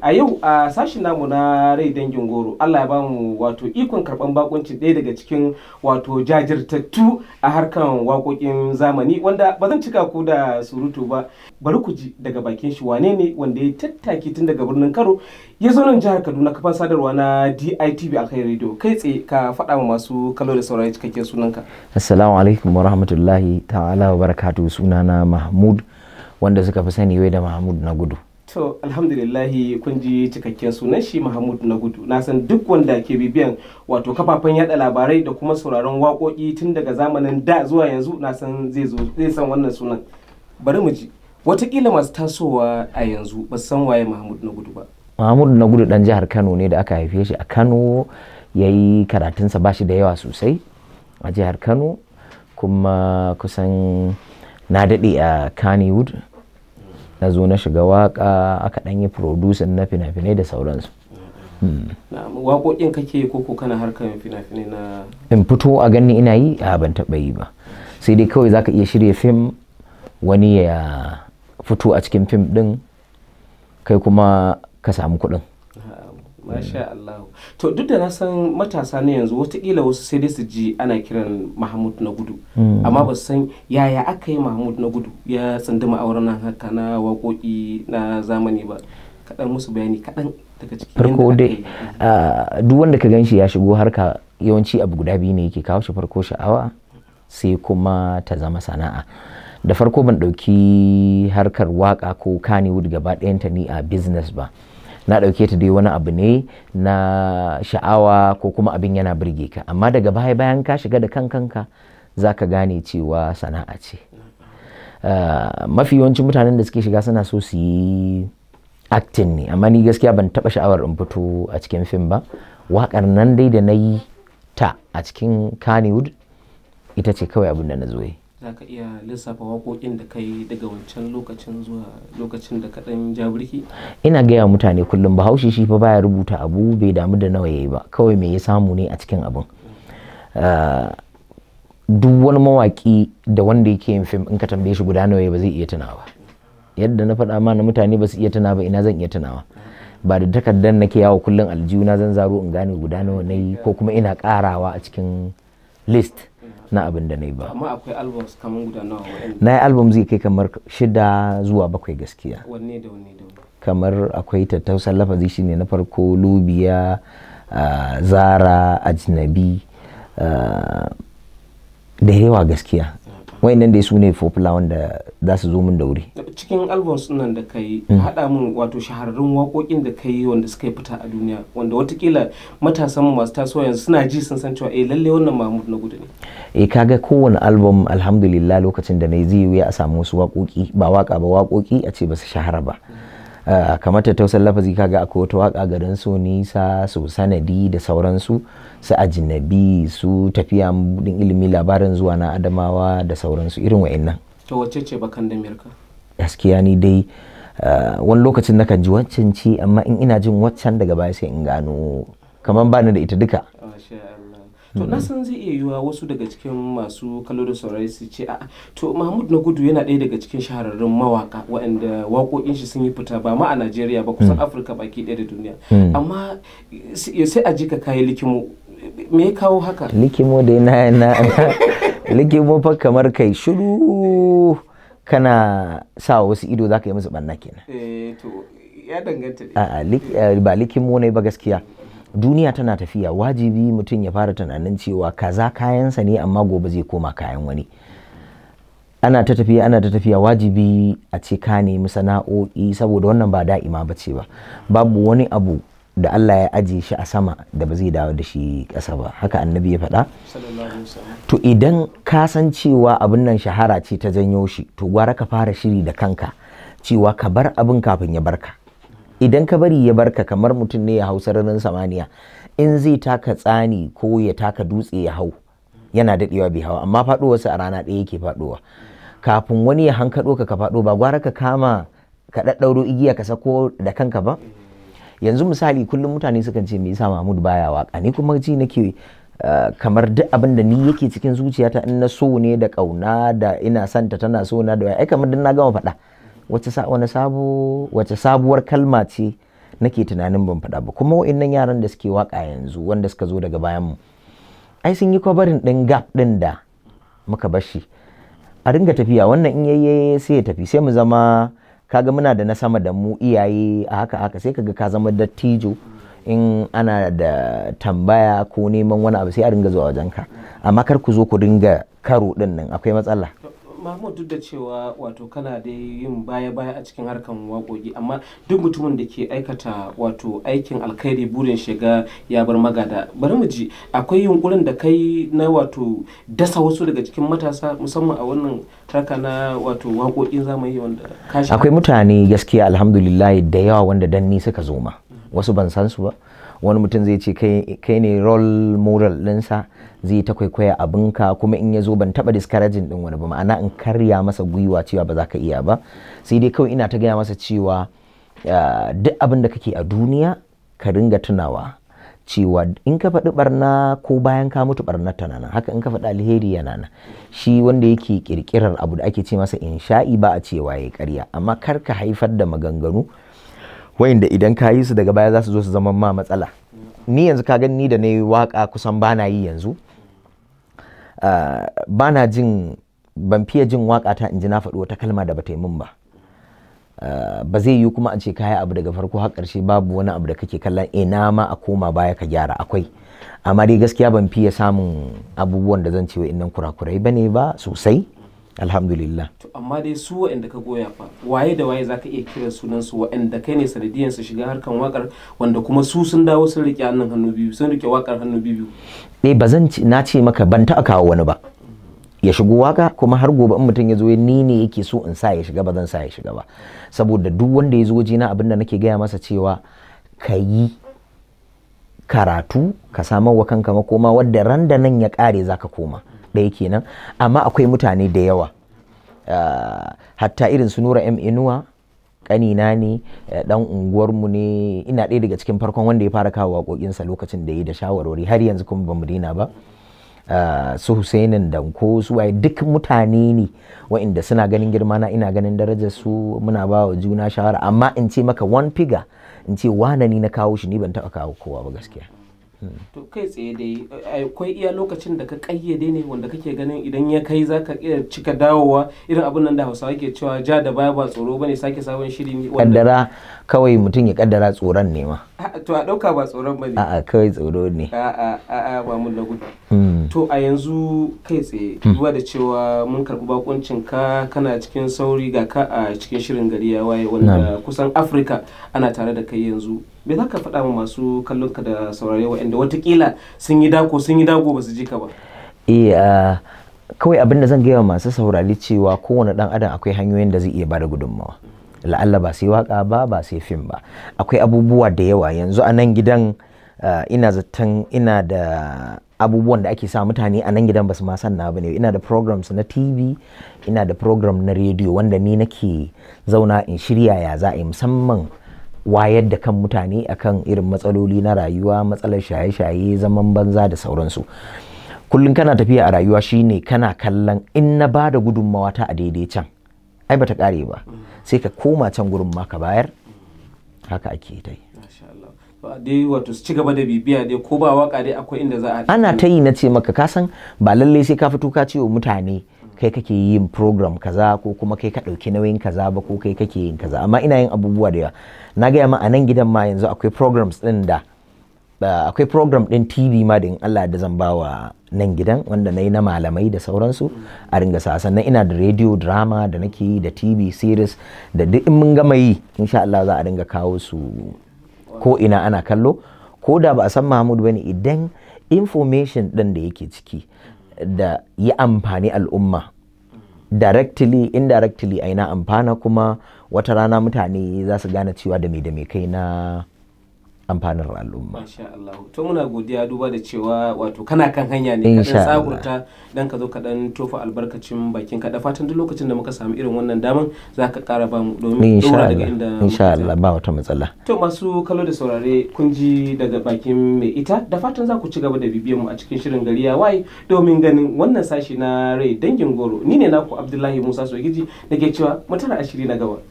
a yau a sashen namu na rai dangin goro allah ya ba mu wato ikon karban bakunci ɗaya daga cikin wato jajirtattu a harkan waƙoƙin zamani wanda ba zan cika ku da surutu ba bari ku ji daga bakin shi wane ne wanda ya tattaki tun daga birnin karo ya zo nan jihar kaduna kafan sadarwa na ditv a kai radio kai tsaye ka faɗa ma masu kallo da saurayi cikakken sunanka assalamu alaikum wa ta'ala wa barakatuhu sunana mahmud wanda suka fi sani wai da mahmud na gudu To alhamdulillahi kun ji cikakken sunan shi Mahmud na gudu. Na san duk wanda ke bibiyan wato kafafen yada labarai da kuma sauraron waƙoƙi tun daga zamanin da zuwa yanzu na san zai san wannan sunan. Bari mu ji. watakila masu tasowa a yanzu ba san waye Mahmud na gudu ba. Mahmud na gudu dan jihar Kano ne da aka haife shi a Kano yayi yi karatunsa ba shi da yawa sosai a jihar Kano kuma kusan na dade a Kannywood na zo na shiga waka aka ɗan yi producing na fina-finai da sauransu hmm. waƙoƙin kake koko kana harkar fina-finai na in fito a ganin ina yi a ban taɓa yi ba sai dai kawai zaka iya shirya fim wani ya fito a cikin fim ɗin kai kuma ka samu kuɗin Masha Allah. To duk da na san matasa na yanzu watakila wasu sai dai su ji ana kiran Mahmud na gudu. Hmm. Amma ba san yaya aka yi Mahmud na gudu ya tsandama auren nan haka na waƙoƙi na zamani ba. Kaɗan musu bayani kaɗan daga cikin Farko dai duk wanda ka gan shi ya shigo harka yawanci abu guda biyu ne yake kawo shi farko sha'awa sai kuma ta zama sana'a. Da farko ban ɗauki harkar waƙa ko Kannywood gaba ɗayanta ni a business ba. na ɗauke ta dai wani abu ne na sha'awa ko kuma abin yana birge ka amma daga baya bayan ka shiga da kan kanka za ka gane cewa sana'a ce ah, mafi yawancin mutanen da suke shiga suna so su yi acting ne amma ni gaskiya ban taɓa sha'awar in fito a cikin fim ba waƙar nan dai da na yi ta a cikin kannywood ita ce kawai abin da na zo yi za ka iya lissafa waƙoƙin da kai daga wancan lokacin zuwa lokacin da ka ɗan ja ina gaya mutane kullum bahaushe shi fa baya rubuta abu bai damu da nawa yayi ba kawai me ya samu ne a cikin abin ah, duk wani mawaƙi da wanda yake yin fim in ka tambaye shi guda nawa ba zai iya tunawa yadda na faɗa ma na mutane ba su iya tuna ba ina zan iya tunawa ba da takardar nake yawo kullum na zan zaro in gane guda nawa na yi ko kuma ina karawa a cikin list na abin da na yi ba amma akwai albums kamar guda nawa na yi album zai kai kamar shida zuwa bakwai gaskiya wanne da wanne da kamar akwai tattausan lafazi shine na farko lubiya zara ajnabi da yawa gaskiya nan dai su ne popular wanda za su zo min da wuri cikin albums nan da kai mm. hada mun wato shahararrun wakokin da kai wanda suka yi fita a duniya wanda watakila matasan masu tasowa yanzu suna ji sun san cewa eh lalle wannan Mahmud na gudu ne eh kaga kowane album alhamdulillah lokacin da na yi zai wuya a samu wasu waƙoƙi ba waka ba waƙoƙi a ce ba su shahara ba mm. Eh, kamar ta tausar lafazi kaga akwai wata waka garin su nisa su sanadi da sauransu su ajinabi su tafiya mabudin ilimi labarin zuwa na adamawa da sauransu irin wa'annan to wacce ce bakan da mirka gaskiya ni dai eh, wani lokacin na kan ji waccan ce amma in ina jin waccan daga baya sai in gano kamar bani da ita duka oh, to na san zai iya yiwuwa wasu daga cikin masu kallo da saurari su ce a to mahmud na gudu yana ɗaya daga cikin shahararrun mawaka waɗanda waƙoƙin shi sun yi fita ba ma a najeriya ba kusan mm. afirka baki ɗaya da duniya mm. amma sai a ka kayi likimo me ya kawo haka likimo dai na na likimo fa kamar kai shiru kana sa wasu ido za ka yi musu ɓanna kenan eh, ya danganta eh, ba likimo ne ba gaskiya duniya tana tafiya wajibi mutum ya fara tunanin cewa kaza kayansa ne amma gobe zai koma kayan wani ana ta tafiya ana ta tafiya wajibi a ce ka nemi sana'o'i saboda wannan ba da'ima ba ce ba babu wani abu da Allah ya aje shi a sama da ba zai dawo da shi kasa ba haka annabi ya faɗa to idan ka san cewa abin nan shahara ce ta janyo shi to gwara ka fara shiri da kanka cewa ka bar abin kafin ya barka idan ka bari ya barka kamar mutum ne ya hau sararin samaniya in zai taka tsani ko ya taka dutse ya hau yana daɗewa bai hawa amma faɗowarsa a rana ɗaya yake faɗowa kafin wani ya hankaɗo ka ka faɗo ba gwara ka kama ka ɗaɗɗauro igiya ka sako da kanka ba yanzu misali kullum mutane sukan ce me yasa Mahmud baya waka ni kuma ji nake eh, kamar duk abin da ni yake cikin zuciyata in na so ne da kauna da ina santa tana so na da ai kamar duk na gama faɗa wace sabuwar kalma ce nake tunanin ban faɗa ba kuma nan yaran da suke waka yanzu wanda suka zo daga bayan mu ai sun yi kwabarin ɗin gap ɗin da muka bashi a ringa tafiya wannan in yayye sai ya tafi sai mu zama kaga muna da na sama da mu iyaye a haka haka sai kaga ka zama dattijo in ana da tambaya ko neman wani abu sai a ringa zuwa ka amma kar ku zo ku dinga karo ɗin nan akwai matsala mahmud duk da cewa wato kana da yin baya-baya a cikin harkan waƙoƙi amma duk mutumin da ke aikata wato aikin alkhairi burin shiga ya bar magada bari mu ji akwai yunkurin da kai na wato dasa wasu daga cikin matasa musamman a wannan taka na wato zamani wanda akwai mutane gaskiya alhamdulillah da yawa wanda danni suka zo ma mm. wasu ban san su ba wani mutum zai ce kai ne role moral ɗinsa zai ta kwaikwaya abinka kuma in ya zo ban taɓa discouraging ɗin wani ba ma'ana in karya masa gwiwa cewa ba za ka iya ba sai dai kawai ina ta gaya masa cewa ah, duk abin da kake a duniya ka ringa tunawa cewa in ka faɗi barna ko bayan ka mutu barna tana nan haka in ka faɗi alheri yana nan shi wanda yake kirkirar abu da ake ce masa insha'i ba a cewa ya karya amma kar ka haifar da maganganu wayanda idan ka yi su daga baya za su zo su zama ma matsala ni yanzu ka gani da na waka kusan bana yi yanzu ah, bana jin ban fiye jin waka ta inji na faɗi wata kalma da bata yi min ba ah, ba zai yi kuma a ce kayi abu daga farko har karshe babu wani abu da kake kallon ina eh, ma a koma baya ka gyara akwai amma dai gaskiya ban fiye samun abubuwan da zan ce wa innan kurakurai bane ba sosai alhamdulillah to amma dai su waɗanda ka goya fa waye da waye zaka iya kira sunan su waɗanda kai ne sanadiyan su shiga harkan wakar wanda kuma su sun dawo sun rike hannun hannu biyu sun rike wakar hannu biyu eh bazan na ce maka ban ta kawo wani ba ya shigo waka kuma har gobe in mutum ya zo ni ne yake so in sa ya shiga ba zan sa ya shiga ba saboda duk wanda ya zo jina abin da nake gaya masa cewa ka yi karatu ka samar wa kanka makoma wadda randa nan ya kare zaka koma ɗaya kenan amma akwai mutane da yawa ah, hatta irin su nura m inuwa ƙanina ne eh, ɗan unguwarmu ne ina ɗaya daga cikin farkon wanda ya fara kawo waƙoƙinsa lokacin da ya da shawarwari har yanzu kuma ba mu daina ba ah, su husainin danko su waye duk mutane ne wa'inda suna ganin girma na ina ganin darajar su muna ba wa juna shawara amma in ce maka one figa in ce wane ni na kawo shi ni ban taɓa kawo kowa ba gaskiya to kai tsaye dai akwai iya lokacin da ka kayyade ne wanda kake ganin idan ya kai za ka iya cika dawowa irin abin nan da hausawa ke cewa ja da baya ba tsoro bane sake sabon shiri ne kaddara kawai mutum ya kaddara tsoron ne ma to a dauka ba tsoron bane a'a kawai tsoro ne a'a a'a ba mun lagu hmm. to a yanzu kai tsaye hmm. duba da cewa mun karbi bakuncin ka kana cikin sauri ga ka a cikin shirin gari ya waye wanda kusan afirka ana tare da kai yanzu me za ka faɗa ma masu kallon ka da saurare waɗanda watakila sun yi dako sun yi dago ba su ji ka ba iya eh, ah, kawai abin da zan gaya masu saurari cewa kowane ɗan adam akwai hanyoyin da zai iya bada gudunmawa la'alla ba sai waka ba ba sai fim ba akwai abubuwa da yawa yanzu a nan gidan ah, ina zaton ina da abubuwan da ake sa mutane a nan gidan basu ma sanna ba ne ina da programs na tv ina da program na rediyo wanda ni nake zauna in shirya ya za a yi musamman wayar da kan mutane akan irin matsaloli na rayuwa matsalar shaye-shaye zaman banza da sauransu kullum kana tafiya a rayuwa shine kana kallon in na ba da gudunmawa ta a daidai can ai bata kare ba sai ka koma can gurin ma bayar haka ake ta yi ana ta yi na ce maka kasan ba lallai sai ka fito ka ce wa mutane kai kake yin program kaza ko kuma kai ka ɗauki nauyin kaza ba ko kai kake yin kaza amma ina yin abubuwa da yawa na gaya ma a nan gidan ma yanzu akwai programs ɗin da akwai program ɗin tv ma da in allah da zan bawa nan gidan wanda na yi na malamai da sauransu a ringa sa sannan ina da radio drama da nake yi da tv series da duk in mun gama yi insha allah za a ringa kawo su ko ina ana kallo ko da ba a san mahmud bane idan information ɗin da yake ciki da yi amfani al'umma directly indirectly aina amfana kuma wata rana mutane za su gane cewa da me da me kai na amfanar al'umma. Allah. To muna godiya duba da cewa wato kana kan hanya ne kaɗan tsagurta dan ka zo kaɗan tofa albarkacin bakin ka da fatan duk lokacin da muka samu irin wannan daman za ka kara ba mu domin dora daga inda Insha Allah ba wata matsala. To masu kallo da saurare kun ji daga bakin mai ita da fatan za ku ci gaba da bibiyar mu a cikin shirin gari ya waye domin ganin wannan sashi na rai dangin goro ni ne naku Abdullahi Musa Sogiji nake cewa mutara ashiri na gaba.